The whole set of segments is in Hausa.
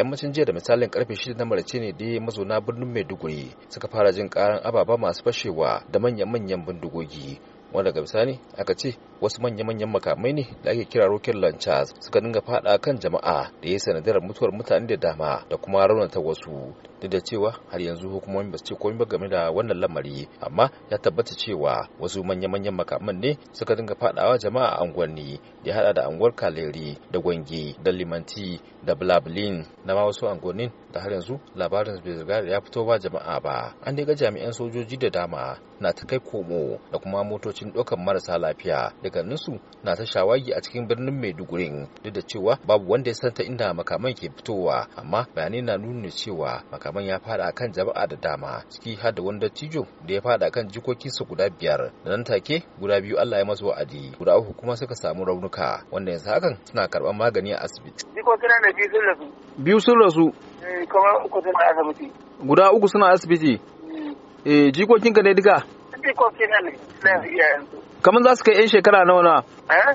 yammacin jiya da misalin karfe shida na marace ne da mazauna birnin maiduguri suka fara jin karan ababa masu fashewa da manya manyan bindigogi wanda ga bisani aka ce wasu manya-manyan makamai ne da ake kira rokin lanchas suka dinga fada kan jama'a da ya sanadiyar mutuwar mutane da dama da kuma raunata wasu duk da cewa har yanzu hukumomi ba su ce komai ba game da wannan lamari amma ya tabbata cewa wasu manya-manyan makaman ne suka dinga fadawa jama'a a unguwanni da hada da unguwar kaleri da gwangi da limanti da blablin na ma wasu unguwannin da har yanzu labarin bai riga ya fito ba jama'a ba an dai ga jami'an sojoji da dama na ta kai komo da kuma motocin ɗaukar marasa lafiya da bindiganninsu na ta shawagi a cikin birnin maiduguri duk da cewa babu wanda ya santa inda makaman ke fitowa amma bayanai na nuna cewa makaman ya fada kan jama'a da dama ciki har da wanda tijo da ya fada kan jikokinsa guda biyar da nan take guda biyu allah ya masu wa'adi guda uku kuma suka samu raunuka wanda yanzu hakan suna karɓar magani a asibiti jikokina da biyu sun rasu biyu sun rasu eh, kuma uku suna asibiti guda uku suna asibiti mm. eh jikokinka ne duka jikokina ne na yanzu kamar za su kai 'yan shekara nawa na? Eh,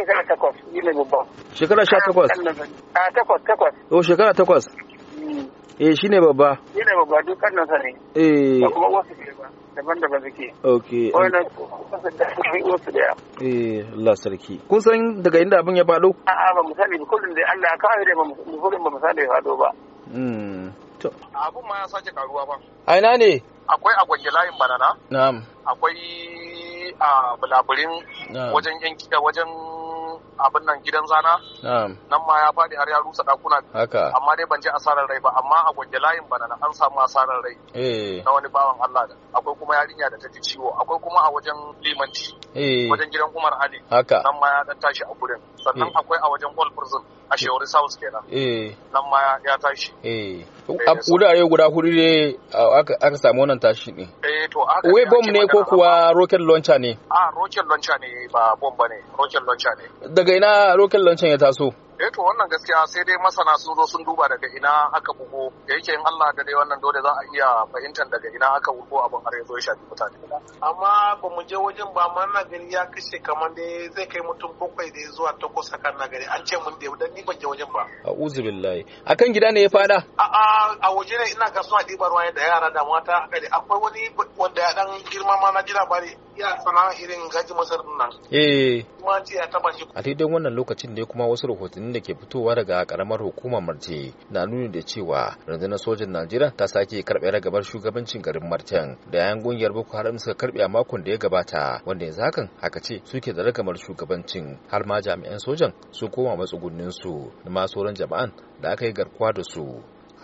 shekara takwas ne Shekara sha takwas? Ah, ah, takwas takwas. O oh, shekara takwas? Hmm. Eh shi ne babba. Shi ne babba ne. Eh. kuma wasu ba. Daban-daban suke. Ok. wasu da Eh Allah sarki. Kun san daga inda abin ya faɗo? A'a ba mu sani ba kullum da Allah ya kawo da ba ya faɗo ba. Hmm, to. Abun ma ya sake karuwa ba. A ne? Akwai a layin banana. Na'am. Akwai a bulaburin wajen yankin da wajen abin nan gidan zana nan ma ya faɗi har ya rusa ɗakuna haka amma dai ban ji asarar rai ba amma a gwanje layin bana an samu asarar rai eh. na wani bawan Allah da akwai kuma yarinya da ta ji ciwo akwai kuma a wajen limanci eh. wajen gidan Umar Ali haka nan ma ya dan tashi a gurin sannan eh. akwai a wajen Old Prison a shewari South kenan nan ma ya tashi eh wurare guda hudu ne aka samu wannan tashi ne eh to wai ne ko kuwa rocket launcher ne a ah, rocket launcher ne ba bom ba ne rocket launcher ne daga ina rocket ya taso eh to wannan gaskiya sai dai masana sun zo sun duba daga ina aka bugo da yake in Allah da dai wannan dole za a iya fahimtar daga ina aka bugo abin har ya zo ya shafi mutane amma ba mu je wajen ba amma na gani ya kashe kamar da zai kai mutum bakwai da zuwa takwas a kan nagari an ce mun da dan ni ban je wajen ba a'udzu billahi akan gida ne ya fada a'a a waje ne ina kasuwa ɗibar waye da yara da mata haka ne akwai wani wanda ya dan girma ma na ji bari ya sana'a irin gaji masar nan. Eh. Kuma ce ya taba shi. A daidai wannan lokacin da kuma wasu rahotanni da ke fitowa daga karamar hukumar Marte na nuni da cewa rundunar sojan Najeriya ta sake karɓe ragabar shugabancin garin martin da yayan gungiyar Boko Haram suka karɓe a makon da ya gabata wanda yanzu hakan haka ce suke da ragamar shugabancin har ma jami'an sojan su koma matsugunninsu da ma sauran jama'an da aka yi garkuwa da su.